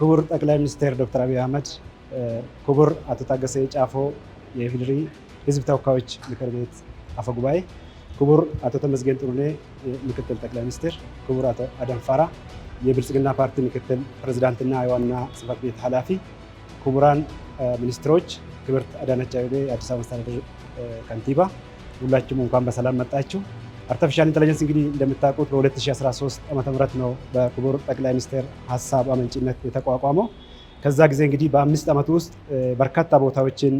ክቡር ጠቅላይ ሚኒስትር ዶክተር አብይ አህመድ፣ ክቡር አቶ ታገሰ ጫፎ የኢፌዴሪ ህዝብ ተወካዮች ምክር ቤት አፈ ጉባኤ፣ ክቡር አቶ ተመስገን ጥሩኔ ምክትል ጠቅላይ ሚኒስትር፣ ክቡር አቶ ፋራ የብልጽግና ፓርቲ ምክትል ፕሬዚዳንትና የዋና ጽህፈት ቤት ኃላፊ፣ ክቡራን ሚኒስትሮች፣ ክብርት አዳነች አቤቤ የአዲስ አበባ መስተዳደር ከንቲባ፣ ሁላችሁም እንኳን በሰላም መጣችሁ። አርቲፊሻል ኢንተለጀንስ እንግዲህ እንደምታውቁት በ2013 ዓ ም ነው በክቡር ጠቅላይ ሚኒስትር ሀሳብ አመንጭነት የተቋቋመው። ከዛ ጊዜ እንግዲህ በአምስት ዓመት ውስጥ በርካታ ቦታዎችን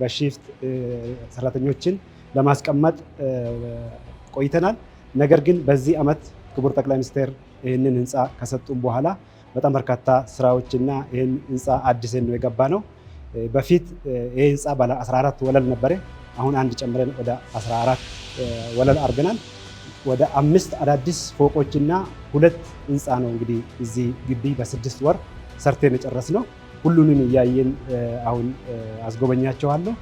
በሺፍት ሰራተኞችን ለማስቀመጥ ቆይተናል። ነገር ግን በዚህ ዓመት ክቡር ጠቅላይ ሚኒስትር ይህንን ህንፃ ከሰጡም በኋላ በጣም በርካታ ስራዎችና ይህን ህንፃ አዲስን ነው የገባ ነው። በፊት ይህ ህንፃ ባለ 14 ወለል ነበረ። አሁን አንድ ጨምረን ወደ 14 ወለል አድርገናል። ወደ አምስት አዳዲስ ፎቆችና ሁለት ህንፃ ነው እንግዲህ እዚህ ግቢ በስድስት ወር ሰርተን የጨረስ ነው። ሁሉንም እያየን አሁን አስጎበኛቸዋለሁ።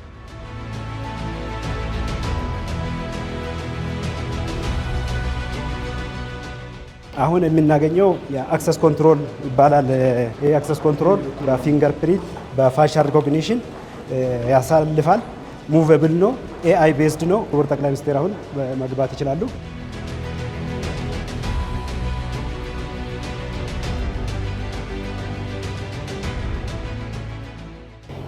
አሁን የምናገኘው የአክሰስ ኮንትሮል ይባላል። አክሰስ ኮንትሮል በፊንገር ፕሪንት በፋሻል ሪኮግኒሽን ያሳልፋል። ሙቨብል ነው፣ ኤአይ ቤዝድ ነው። ክቡር ጠቅላይ ሚኒስትር አሁን መግባት ይችላሉ።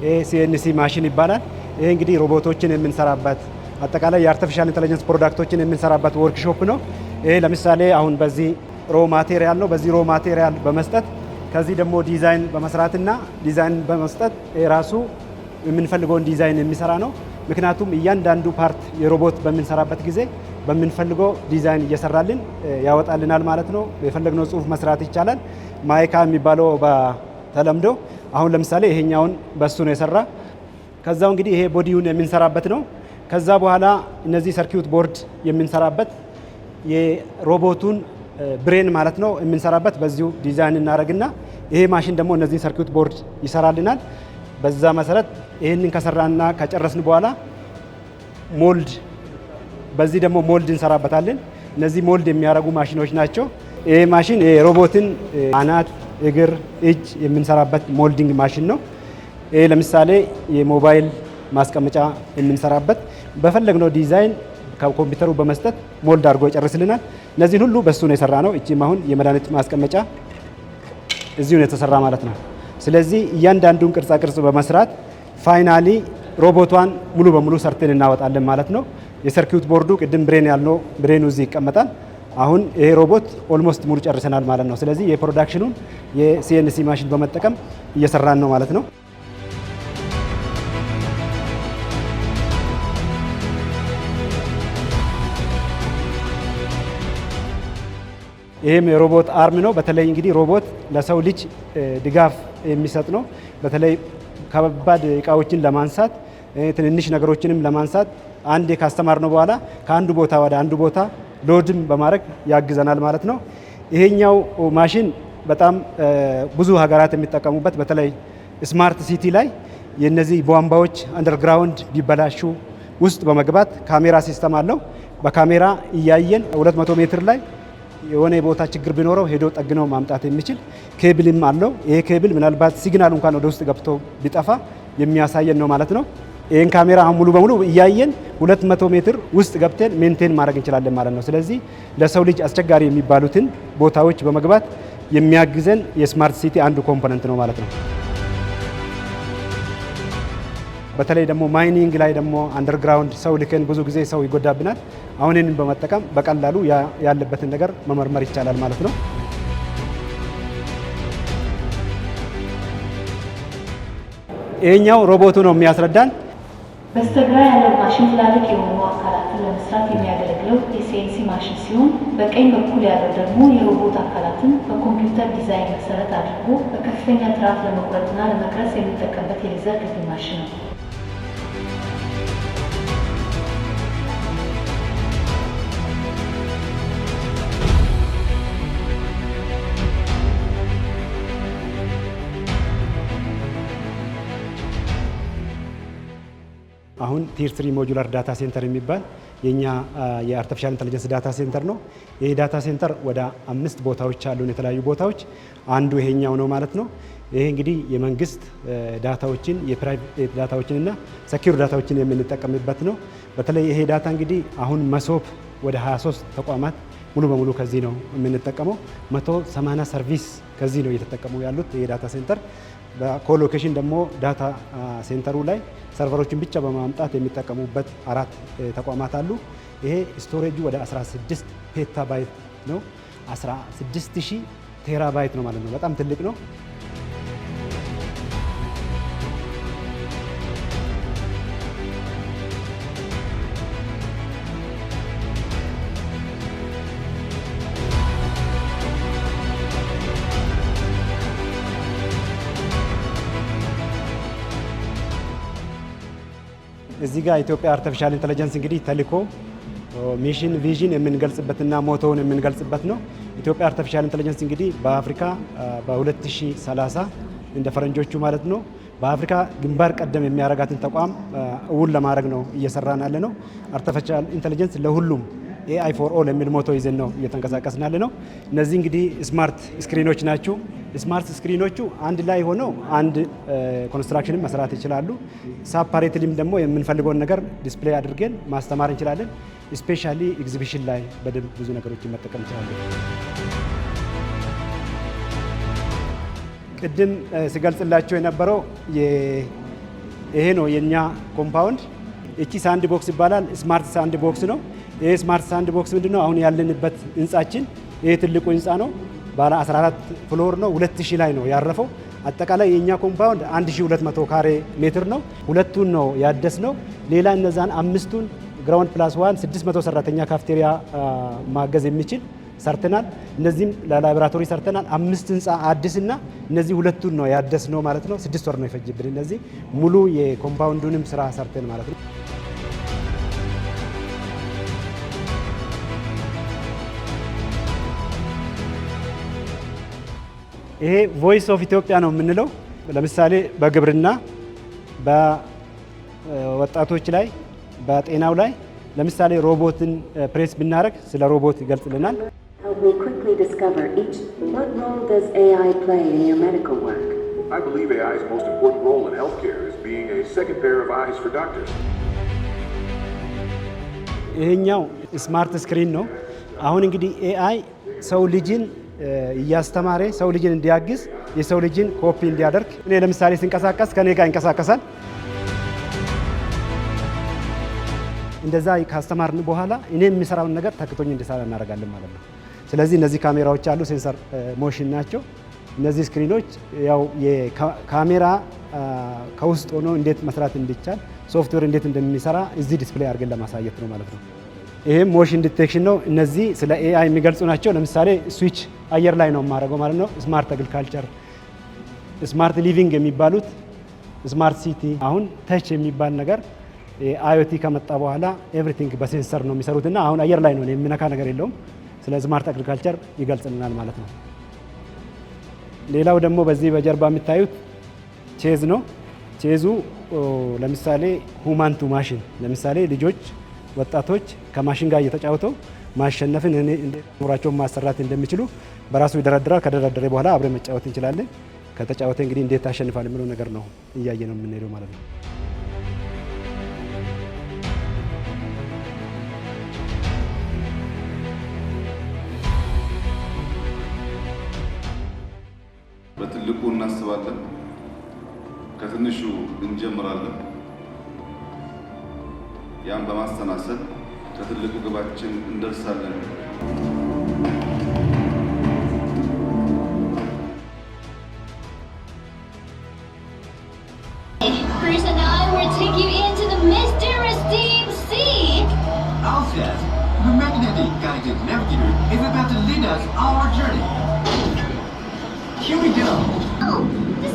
ይህ ሲኤንሲ ማሽን ይባላል። ይህ እንግዲህ ሮቦቶችን የምንሰራበት አጠቃላይ የአርቲፊሻል ኢንቴሊጀንስ ፕሮዳክቶችን የምንሰራበት ወርክሾፕ ነው። ይህ ለምሳሌ አሁን በዚህ ሮ ማቴሪያል ነው። በዚህ ሮ ማቴሪያል በመስጠት ከዚህ ደግሞ ዲዛይን በመስራትና ዲዛይን በመስጠት የራሱ የምንፈልገውን ዲዛይን የሚሰራ ነው። ምክንያቱም እያንዳንዱ ፓርት የሮቦት በምንሰራበት ጊዜ በምንፈልገው ዲዛይን እየሰራልን ያወጣልናል ማለት ነው። የፈለግነው ጽሁፍ መስራት ይቻላል። ማይካ የሚባለው በተለምዶ አሁን ለምሳሌ ይሄኛውን በሱ ነው የሰራ። ከዛው እንግዲህ ይሄ ቦዲውን የምንሰራበት ነው። ከዛ በኋላ እነዚህ ሰርኪዩት ቦርድ የምንሰራበት የሮቦቱን ብሬን ማለት ነው የምንሰራበት በዚሁ ዲዛይን እናደርግና ይሄ ማሽን ደግሞ እነዚህ ሰርኪዩት ቦርድ ይሰራልናል። በዛ መሰረት ይህንን ከሰራና ከጨረስን በኋላ ሞልድ፣ በዚህ ደግሞ ሞልድ እንሰራበታለን። እነዚህ ሞልድ የሚያደርጉ ማሽኖች ናቸው። ይህ ማሽን የሮቦትን አናት፣ እግር፣ እጅ የምንሰራበት ሞልዲንግ ማሽን ነው። ይህ ለምሳሌ የሞባይል ማስቀመጫ የምንሰራበት በፈለግነው ዲዛይን ከኮምፒውተሩ በመስጠት ሞልድ አድርጎ ይጨርስልናል። እነዚህን ሁሉ በእሱ ነው የሰራ ነው። እቺም አሁን የመድኃኒት ማስቀመጫ እዚሁ ነው የተሰራ ማለት ነው። ስለዚህ እያንዳንዱን ቅርጻ ቅርጽ በመስራት ፋይናሊ ሮቦቷን ሙሉ በሙሉ ሰርተን እናወጣለን ማለት ነው። የሰርኪዩት ቦርዱ ቅድም ብሬን ያልነው ብሬኑ እዚህ ይቀመጣል። አሁን ይሄ ሮቦት ኦልሞስት ሙሉ ጨርሰናል ማለት ነው። ስለዚህ የፕሮዳክሽኑን የሲኤንሲ ማሽን በመጠቀም እየሰራን ነው ማለት ነው። ይህም የሮቦት አርም ነው። በተለይ እንግዲህ ሮቦት ለሰው ልጅ ድጋፍ የሚሰጥ ነው። በተለይ ከባድ እቃዎችን ለማንሳት ትንንሽ ነገሮችንም ለማንሳት አንድ ካስተማር ነው በኋላ ከአንዱ ቦታ ወደ አንዱ ቦታ ሎድም በማድረግ ያግዘናል ማለት ነው። ይሄኛው ማሽን በጣም ብዙ ሀገራት የሚጠቀሙበት በተለይ ስማርት ሲቲ ላይ የነዚህ ቧንቧዎች አንደርግራውንድ ቢበላሹ ውስጥ በመግባት ካሜራ ሲስተም አለው። በካሜራ እያየን 200 ሜትር ላይ የሆነ የቦታ ችግር ቢኖረው ሄዶ ጠግነው ማምጣት የሚችል ኬብልም አለው። ይሄ ኬብል ምናልባት ሲግናል እንኳን ወደ ውስጥ ገብቶ ቢጠፋ የሚያሳየን ነው ማለት ነው። ይህን ካሜራ አሁን ሙሉ በሙሉ እያየን 200 ሜትር ውስጥ ገብተን ሜንቴን ማድረግ እንችላለን ማለት ነው። ስለዚህ ለሰው ልጅ አስቸጋሪ የሚባሉትን ቦታዎች በመግባት የሚያግዘን የስማርት ሲቲ አንዱ ኮምፖነንት ነው ማለት ነው። በተለይ ደግሞ ማይኒንግ ላይ ደግሞ አንደርግራውንድ ሰው ልከን ብዙ ጊዜ ሰው ይጎዳብናል። አሁንንም በመጠቀም በቀላሉ ያለበትን ነገር መመርመር ይቻላል ማለት ነው። ይህኛው ሮቦቱ ነው የሚያስረዳን። በስተግራ ያለው ማሽን ትላልቅ የሆኑ አካላትን ለመስራት የሚያገለግለው የሲኤንሲ ማሽን ሲሆን በቀኝ በኩል ያለው ደግሞ የሮቦት አካላትን በኮምፒውተር ዲዛይን መሰረት አድርጎ በከፍተኛ ትራፍ ለመቁረጥና ለመቅረጽ የሚጠቀምበት የሌዘር ክፍል ማሽን ነው። አሁን ቲር ትሪ ሞጁላር ዳታ ሴንተር የሚባል የኛ የአርቲፊሻል ኢንተለጀንስ ዳታ ሴንተር ነው። ይህ ዳታ ሴንተር ወደ አምስት ቦታዎች አሉን፣ የተለያዩ ቦታዎች አንዱ ይሄኛው ነው ማለት ነው። ይሄ እንግዲህ የመንግስት ዳታዎችን የፕራይቬት ዳታዎችን እና ሰኪዩር ዳታዎችን የምንጠቀምበት ነው። በተለይ ይሄ ዳታ እንግዲህ አሁን መሶብ ወደ 23 ተቋማት ሙሉ በሙሉ ከዚህ ነው የምንጠቀመው። 180 ሰርቪስ ከዚህ ነው እየተጠቀሙ ያሉት ይሄ ዳታ ሴንተር በኮሎኬሽን ደግሞ ዳታ ሴንተሩ ላይ ሰርቨሮችን ብቻ በማምጣት የሚጠቀሙበት አራት ተቋማት አሉ። ይሄ ስቶሬጁ ወደ 16 ፔታባይት ነው። 16000 ቴራባይት ነው ማለት ነው። በጣም ትልቅ ነው። እዚህ ጋር ኢትዮጵያ አርቲፊሻል ኢንተለጀንስ እንግዲህ ተልእኮ ሚሽን ቪዥን የምንገልጽበትና ሞቶውን የምንገልጽበት ነው። ኢትዮጵያ አርቲፊሻል ኢንተለጀንስ እንግዲህ በአፍሪካ በ2030 እንደ ፈረንጆቹ ማለት ነው በአፍሪካ ግንባር ቀደም የሚያደርጋትን ተቋም እውን ለማድረግ ነው እየሰራን ያለ ነው። አርቲፊሻል ኢንተለጀንስ ለሁሉም ኤአይ ፎር ኦል የሚል ሞቶ ይዘን ነው እየተንቀሳቀስን ያለ ነው። እነዚህ እንግዲህ ስማርት ስክሪኖች ናቸው። ስማርት ስክሪኖቹ አንድ ላይ ሆነው አንድ ኮንስትራክሽንም መስራት ይችላሉ። ሳፓሬትሊም ደግሞ የምንፈልገውን ነገር ዲስፕሌይ አድርገን ማስተማር እንችላለን። ስፔሻሊ ኤግዚቢሽን ላይ በደንብ ብዙ ነገሮችን መጠቀም እንችላለን። ቅድም ስገልጽላቸው የነበረው ይሄ ነው የእኛ ኮምፓውንድ። እቺ ሳንድ ቦክስ ይባላል። ስማርት ሳንድ ቦክስ ነው። ይሄ ስማርት ሳንድ ቦክስ ምንድን ነው? አሁን ያለንበት ህንፃችን ይሄ ትልቁ ህንፃ ነው። ባለ 14 ፍሎር ነው። 2000 ላይ ነው ያረፈው። አጠቃላይ የእኛ ኮምፓውንድ 1200 ካሬ ሜትር ነው። ሁለቱን ነው ያደስ ነው። ሌላ እነዛን አምስቱን ግራውንድ ፕላስ ዋን 600 ሰራተኛ ካፍቴሪያ ማገዝ የሚችል ሰርተናል። እነዚህም ለላቦራቶሪ ሰርተናል። አምስት ህንፃ አዲስና እነዚህ ሁለቱን ነው ያደስ ነው ማለት ነው። ስድስት ወር ነው የፈጅብን እነዚህ ሙሉ የኮምፓውንዱንም ስራ ሰርተን ማለት ነው። ይሄ ቮይስ ኦፍ ኢትዮጵያ ነው የምንለው። ለምሳሌ በግብርና በወጣቶች ላይ በጤናው ላይ ለምሳሌ ሮቦትን ፕሬስ ብናደረግ ስለ ሮቦት ይገልጽልናል። ይሄኛው ስማርት ስክሪን ነው። አሁን እንግዲህ ኤአይ ሰው ልጅን እያስተማረ ሰው ልጅን እንዲያግዝ የሰው ልጅን ኮፒ እንዲያደርግ እኔ ለምሳሌ ሲንቀሳቀስ ከኔ ጋር ይንቀሳቀሳል። እንደዛ ካስተማርን በኋላ እኔ የሚሰራውን ነገር ተክቶኝ እንዲሰራ እናደርጋለን ማለት ነው። ስለዚህ እነዚህ ካሜራዎች አሉ፣ ሴንሰር ሞሽን ናቸው። እነዚህ ስክሪኖች ያው የካሜራ ከውስጥ ሆኖ እንዴት መስራት እንዲቻል ሶፍትዌር እንዴት እንደሚሰራ እዚህ ዲስፕሌይ አድርገን ለማሳየት ነው ማለት ነው። ይህ ሞሽን ዲቴክሽን ነው። እነዚህ ስለ ኤአይ የሚገልጹ ናቸው። ለምሳሌ ስዊች አየር ላይ ነው የማደርገው ማለት ነው። ስማርት አግሪካልቸር፣ ስማርት ሊቪንግ የሚባሉት ስማርት ሲቲ፣ አሁን ተች የሚባል ነገር አዮቲ ከመጣ በኋላ ኤቭሪቲንግ በሴንሰር ነው የሚሰሩትና አሁን አየር ላይ ነው የሚነካ ነገር የለውም። ስለ ስማርት አግሪካልቸር ይገልጽልናል ማለት ነው። ሌላው ደግሞ በዚህ በጀርባ የሚታዩት ቼዝ ነው። ቼዙ ለምሳሌ ሁማን ቱ ማሽን ለምሳሌ ልጆች ወጣቶች ከማሽን ጋር እየተጫወተው ማሸነፍን እኔ ኑሯቸውን ማሰራት እንደሚችሉ በራሱ ይደረድራል። ከደረደረ በኋላ አብረ መጫወት እንችላለን። ከተጫወተ እንግዲህ እንዴት ታሸንፋል የሚለው ነገር ነው እያየ ነው የምንሄደው ማለት ነው። በትልቁ እናስባለን፣ ከትንሹ እንጀምራለን። ያን በማስተናሰብ ከትልቁ ግባችን እንደርሳለን። the magnetic guided navigator, is about to lead us on our journey. Here we go. Oh, the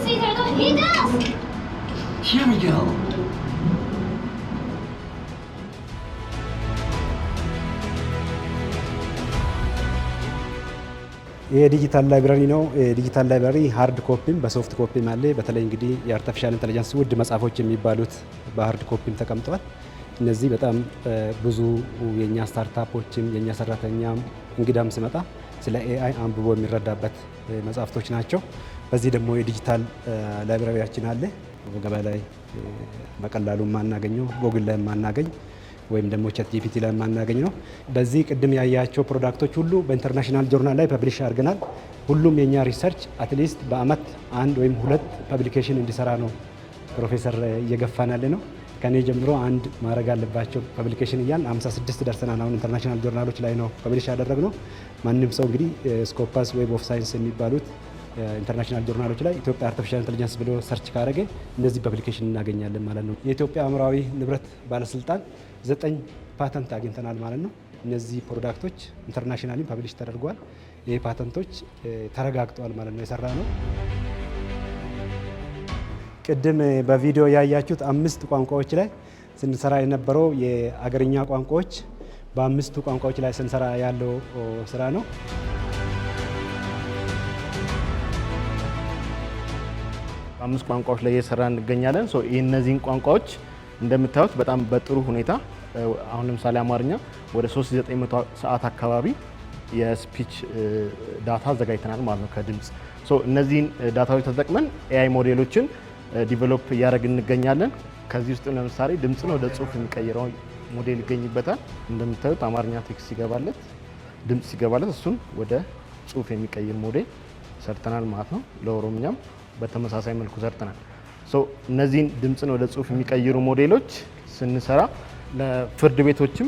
Here we go. የዲጂታል ላይብራሪ ነው። የዲጂታል ላይብራሪ ሃርድ ኮፒም በሶፍት ኮፒም አለ። በተለይ እንግዲህ የአርቲፊሻል ኢንተለጀንስ ውድ መጽሐፎች የሚባሉት በሃርድ ኮፒም ተቀምጠዋል። እነዚህ በጣም ብዙ የእኛ ስታርታፖችም የእኛ ሰራተኛም እንግዳም ስመጣ ስለ ኤአይ አንብቦ የሚረዳበት መጽሐፍቶች ናቸው። በዚህ ደግሞ የዲጂታል ላይብራሪያችን አለ። ገበያ ላይ በቀላሉ ማናገኘው ጎግል ላይ ማናገኝ ወይም ደግሞ ቻት ጂፒቲ ላይ የማናገኝ ነው። በዚህ ቅድም ያያቸው ፕሮዳክቶች ሁሉ በኢንተርናሽናል ጆርናል ላይ ፐብሊሽ አድርገናል። ሁሉም የእኛ ሪሰርች አትሊስት በአመት አንድ ወይም ሁለት ፐብሊኬሽን እንዲሰራ ነው ፕሮፌሰር እየገፋናል ነው። ከኔ ጀምሮ አንድ ማድረግ አለባቸው ፐብሊኬሽን እያል 56 ደርሰናል። አሁን ኢንተርናሽናል ጆርናሎች ላይ ነው ፐብሊሽ ያደረግ ነው። ማንም ሰው እንግዲህ ስኮፓስ ዌብ ኦፍ ሳይንስ የሚባሉት ኢንተርናሽናል ጆርናሎች ላይ ኢትዮጵያ አርቲፊሻል ኢንቴሊጀንስ ብሎ ሰርች ካደረገ እንደዚህ ፐብሊኬሽን እናገኛለን ማለት ነው። የኢትዮጵያ አእምሯዊ ንብረት ባለስልጣን ዘጠኝ ፓተንት አግኝተናል ማለት ነው። እነዚህ ፕሮዳክቶች ኢንተርናሽናሊ ፐብሊሽ ተደርጓል። ይህ ፓተንቶች ተረጋግጠዋል ማለት ነው። የሰራ ነው። ቅድም በቪዲዮ ያያችሁት አምስት ቋንቋዎች ላይ ስንሰራ የነበረው የአገርኛ ቋንቋዎች በአምስቱ ቋንቋዎች ላይ ስንሰራ ያለው ስራ ነው። በአምስት ቋንቋዎች ላይ እየሰራ እንገኛለን። እነዚህን ቋንቋዎች እንደምታዩት በጣም በጥሩ ሁኔታ አሁን ለምሳሌ አማርኛ ወደ 3900 ሰዓት አካባቢ የስፒች ዳታ አዘጋጅተናል ማለት ነው ከድምፅ እነዚህን ዳታዎች ተጠቅመን ኤአይ ሞዴሎችን ዲቨሎፕ እያደረግን እንገኛለን። ከዚህ ውስጥ ለምሳሌ ድምፅን ወደ ጽሁፍ የሚቀይረው ሞዴል ይገኝበታል። እንደምታዩት አማርኛ ቴክስት ሲገባለት ድምፅ ሲገባለት እሱን ወደ ጽሁፍ የሚቀይር ሞዴል ሰርተናል ማለት ነው። ለኦሮምኛም በተመሳሳይ መልኩ ሰርተናል። እነዚህን ድምፅን ወደ ጽሁፍ የሚቀይሩ ሞዴሎች ስንሰራ ለፍርድ ቤቶችም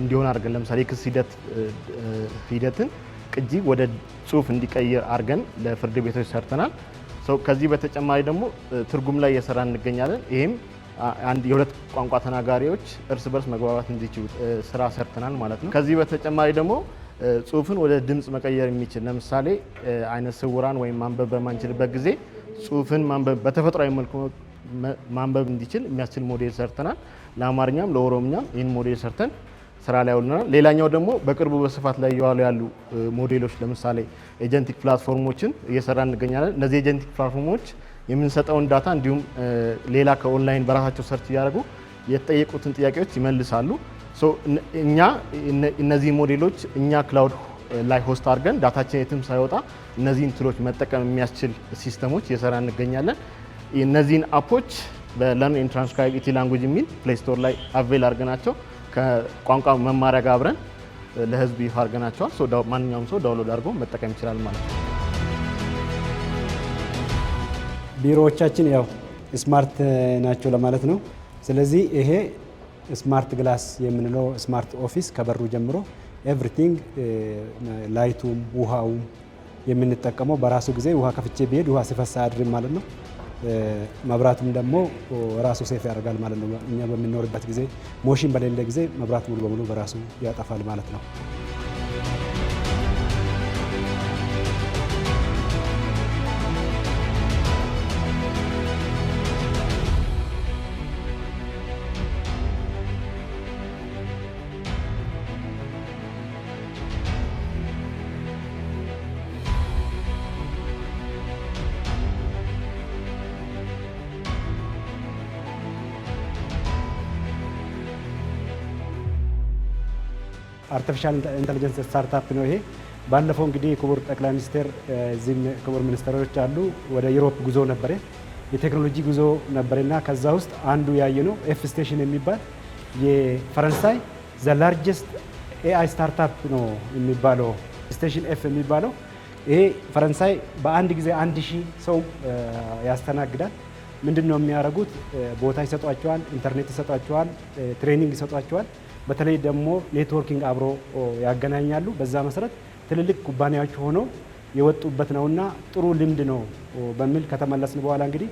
እንዲሆን አድርገን ለምሳሌ የክስ ሂደት ሂደትን ቅጂ ወደ ጽሁፍ እንዲቀይር አድርገን ለፍርድ ቤቶች ሰርተናል። ሰው ከዚህ በተጨማሪ ደግሞ ትርጉም ላይ እየሰራ እንገኛለን። ይህም አንድ የሁለት ቋንቋ ተናጋሪዎች እርስ በርስ መግባባት እንዲችሉ ስራ ሰርተናል ማለት ነው። ከዚህ በተጨማሪ ደግሞ ጽሁፍን ወደ ድምፅ መቀየር የሚችል ለምሳሌ አይነ ስውራን ወይም ማንበብ በማንችልበት ጊዜ ጽሁፍን ማንበብ በተፈጥሯዊ መልኩ ማንበብ እንዲችል የሚያስችል ሞዴል ሰርተናል። ለአማርኛም ለኦሮምኛም ይህን ሞዴል ሰርተን ስራ ላይ ውለናል። ሌላኛው ደግሞ በቅርቡ በስፋት ላይ እየዋሉ ያሉ ሞዴሎች ለምሳሌ ኤጀንቲክ ፕላትፎርሞችን እየሰራ እንገኛለን። እነዚህ ኤጀንቲክ ፕላትፎርሞች የምንሰጠውን ዳታ እንዲሁም ሌላ ከኦንላይን በራሳቸው ሰርች እያደረጉ የተጠየቁትን ጥያቄዎች ይመልሳሉ። እኛ እነዚህ ሞዴሎች እኛ ክላውድ ላይ ሆስት አድርገን ዳታችን የትም ሳይወጣ እነዚህን ትሎች መጠቀም የሚያስችል ሲስተሞች እየሰራ እንገኛለን። እነዚህን አፖች በለርን ኤንድ ትራንስክራይብ ኢቲ ላንጉጅ የሚል ፕሌይ ስቶር ላይ አቬል አድርገናቸው ከቋንቋ መማሪያ ጋር አብረን ለህዝብ ይፋ አድርገናቸዋል። ማንኛውም ሰው ዳውንሎድ አድርጎ መጠቀም ይችላል ማለት ነው። ቢሮዎቻችን ያው ስማርት ናቸው ለማለት ነው። ስለዚህ ይሄ ስማርት ግላስ የምንለው ስማርት ኦፊስ ከበሩ ጀምሮ ኤቭሪቲንግ ላይቱም ውሃውም የምንጠቀመው በራሱ ጊዜ ውሃ ከፍቼ ብሄድ ውሃ ሲፈሳ አያድርም ማለት ነው። መብራቱም ደግሞ ራሱ ሴፍ ያደርጋል ማለት ነው። እኛ በምንኖርበት ጊዜ ሞሽን በሌለ ጊዜ መብራት ሙሉ በሙሉ በራሱ ያጠፋል ማለት ነው። አርቲፊሻል ኢንተለጀንስ ስታርታፕ ነው ይሄ። ባለፈው እንግዲህ ክቡር ጠቅላይ ሚኒስቴር እዚህም ክቡር ሚኒስትሮች አሉ ወደ ዩሮፕ ጉዞ ነበረ፣ የቴክኖሎጂ ጉዞ ነበረና ከዛ ውስጥ አንዱ ያየ ነው ኤፍ ስቴሽን የሚባል የፈረንሳይ ዘ ላርጀስት ኤአይ ስታርታፕ ነው የሚባለው ስቴሽን ኤፍ የሚባለው ይሄ ፈረንሳይ በአንድ ጊዜ አንድ ሺህ ሰው ያስተናግዳል። ምንድን ነው የሚያደርጉት? ቦታ ይሰጧቸዋል፣ ኢንተርኔት ይሰጧቸዋል፣ ትሬኒንግ ይሰጧቸዋል። በተለይ ደግሞ ኔትወርኪንግ አብሮ ያገናኛሉ። በዛ መሰረት ትልልቅ ኩባንያዎች ሆነው የወጡበት ነውና ጥሩ ልምድ ነው በሚል ከተመለስን በኋላ እንግዲህ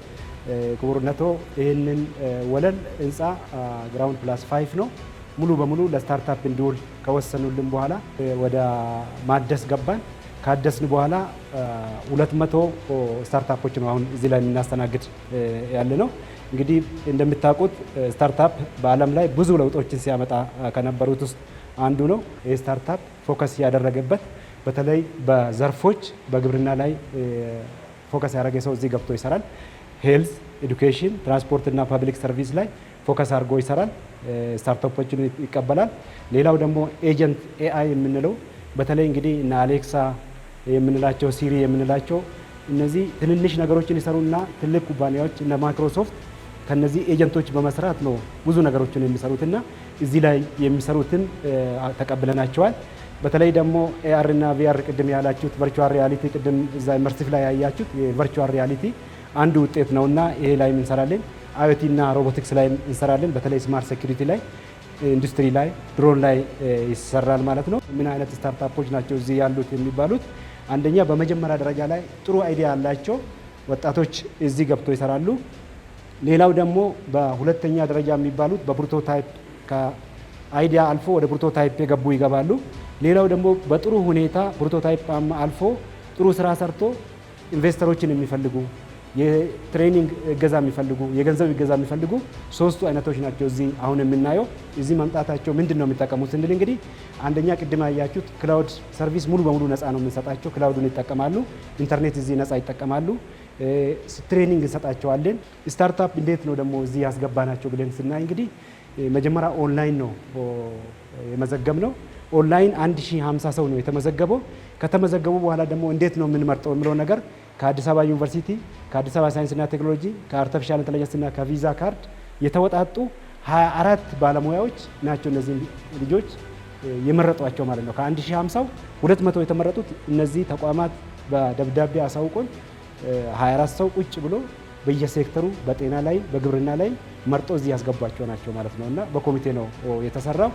ክቡርነቶ ይህንን ወለል ህንፃ ግራውንድ ፕላስ ፋይፍ ነው ሙሉ በሙሉ ለስታርታፕ እንዲውል ከወሰኑልን በኋላ ወደ ማደስ ገባን። ካደስን በኋላ 200 መቶ ስታርታፖች ነው አሁን እዚህ ላይ የምናስተናግድ ያለ ነው። እንግዲህ እንደምታውቁት ስታርታፕ በዓለም ላይ ብዙ ለውጦችን ሲያመጣ ከነበሩት ውስጥ አንዱ ነው። ይህ ስታርታፕ ፎከስ ያደረገበት በተለይ በዘርፎች በግብርና ላይ ፎከስ ያደረገ ሰው እዚህ ገብቶ ይሰራል። ሄልዝ፣ ኤዱኬሽን፣ ትራንስፖርት እና ፐብሊክ ሰርቪስ ላይ ፎከስ አድርጎ ይሰራል። ስታርታፖችን ይቀበላል። ሌላው ደግሞ ኤጀንት ኤአይ የምንለው በተለይ እንግዲህ እነ አሌክሳ የምንላቸው ሲሪ የምንላቸው እነዚህ ትንንሽ ነገሮችን ይሰሩና ትልቅ ኩባንያዎች እነ ማይክሮሶፍት ከነዚህ ኤጀንቶች በመስራት ነው ብዙ ነገሮችን የሚሰሩትና እዚህ ላይ የሚሰሩትን ተቀብለናቸዋል። በተለይ ደግሞ ኤአር እና ቪአር ቅድም ያላችሁት ቨርቹዋል ሪያሊቲ ቅድም እዛ ኢመርሲቭ ላይ ያያችሁት የቨርቹዋል ሪያሊቲ አንዱ ውጤት ነውና ይሄ ላይም እንሰራለን። አዮቲ እና ሮቦቲክስ ላይ እንሰራለን። በተለይ ስማርት ሴኩሪቲ ላይ ኢንዱስትሪ ላይ ድሮን ላይ ይሰራል ማለት ነው። ምን አይነት ስታርታፖች ናቸው እዚህ ያሉት የሚባሉት? አንደኛ በመጀመሪያ ደረጃ ላይ ጥሩ አይዲያ ያላቸው ወጣቶች እዚህ ገብቶ ይሰራሉ። ሌላው ደግሞ በሁለተኛ ደረጃ የሚባሉት በፕሮቶታይፕ ከአይዲያ አልፎ ወደ ፕሮቶታይፕ የገቡ ይገባሉ። ሌላው ደግሞ በጥሩ ሁኔታ ፕሮቶታይፕ አልፎ ጥሩ ስራ ሰርቶ ኢንቨስተሮችን የሚፈልጉ የትሬኒንግ እገዛ የሚፈልጉ የገንዘብ እገዛ የሚፈልጉ ሶስቱ አይነቶች ናቸው። እዚህ አሁን የምናየው እዚህ መምጣታቸው ምንድን ነው የሚጠቀሙት ስንል እንግዲህ አንደኛ ቅድም ያያችሁት ክላውድ ሰርቪስ ሙሉ በሙሉ ነፃ ነው የምንሰጣቸው። ክላውዱን ይጠቀማሉ። ኢንተርኔት እዚህ ነፃ ይጠቀማሉ። ትሬኒንግ እንሰጣቸዋለን። ስታርታፕ እንዴት ነው ደግሞ እዚህ ያስገባናቸው ብለን ስናይ እንግዲህ መጀመሪያ ኦንላይን ነው የመዘገብ ነው። ኦንላይን 1050 ሰው ነው የተመዘገበው። ከተመዘገቡ በኋላ ደግሞ እንዴት ነው የምንመርጠው የምለው ነገር ከአዲስ አበባ ዩኒቨርሲቲ፣ ከአዲስ አበባ ሳይንስና ቴክኖሎጂ፣ ከአርቲፊሻል ኢንተለጀንስና ከቪዛ ካርድ የተወጣጡ 24 ባለሙያዎች ናቸው እነዚህ ልጆች የመረጧቸው ማለት ነው። ከ1050 200 የተመረጡት እነዚህ ተቋማት በደብዳቤ አሳውቆን 24 ሰው ቁጭ ብሎ በየሴክተሩ በጤና ላይ በግብርና ላይ መርጦ እዚህ ያስገቧቸው ናቸው ማለት ነው እና በኮሚቴ ነው የተሰራው።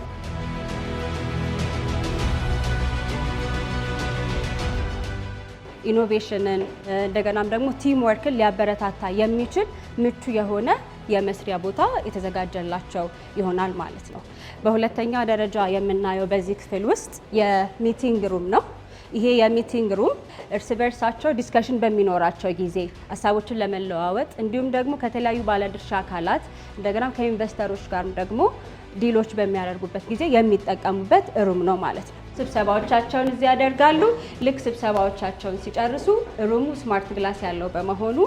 ኢኖቬሽንን እንደገናም ደግሞ ቲም ወርክን ሊያበረታታ የሚችል ምቹ የሆነ የመስሪያ ቦታ የተዘጋጀላቸው ይሆናል ማለት ነው። በሁለተኛ ደረጃ የምናየው በዚህ ክፍል ውስጥ የሚቲንግ ሩም ነው። ይሄ የሚቲንግ ሩም እርስ በርሳቸው ዲስከሽን በሚኖራቸው ጊዜ ሀሳቦችን ለመለዋወጥ እንዲሁም ደግሞ ከተለያዩ ባለድርሻ አካላት እንደገና ከኢንቨስተሮች ጋር ደግሞ ዲሎች በሚያደርጉበት ጊዜ የሚጠቀሙበት ሩም ነው ማለት ነው። ስብሰባዎቻቸውን እዚህ ያደርጋሉ። ልክ ስብሰባዎቻቸውን ሲጨርሱ ሩሙ ስማርት ግላስ ያለው በመሆኑ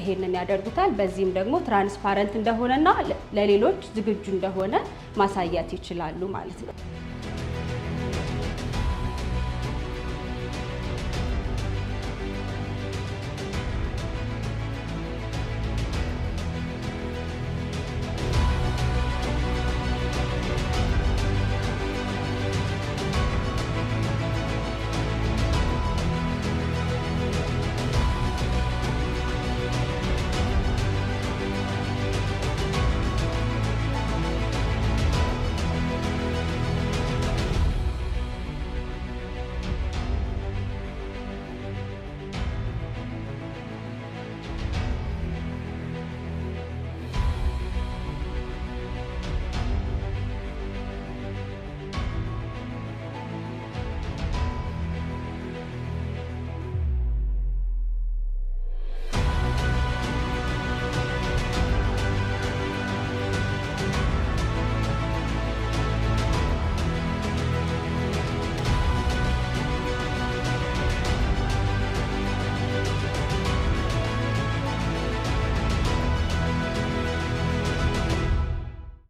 ይሄንን ያደርጉታል። በዚህም ደግሞ ትራንስፓረንት እንደሆነና ለሌሎች ዝግጁ እንደሆነ ማሳየት ይችላሉ ማለት ነው።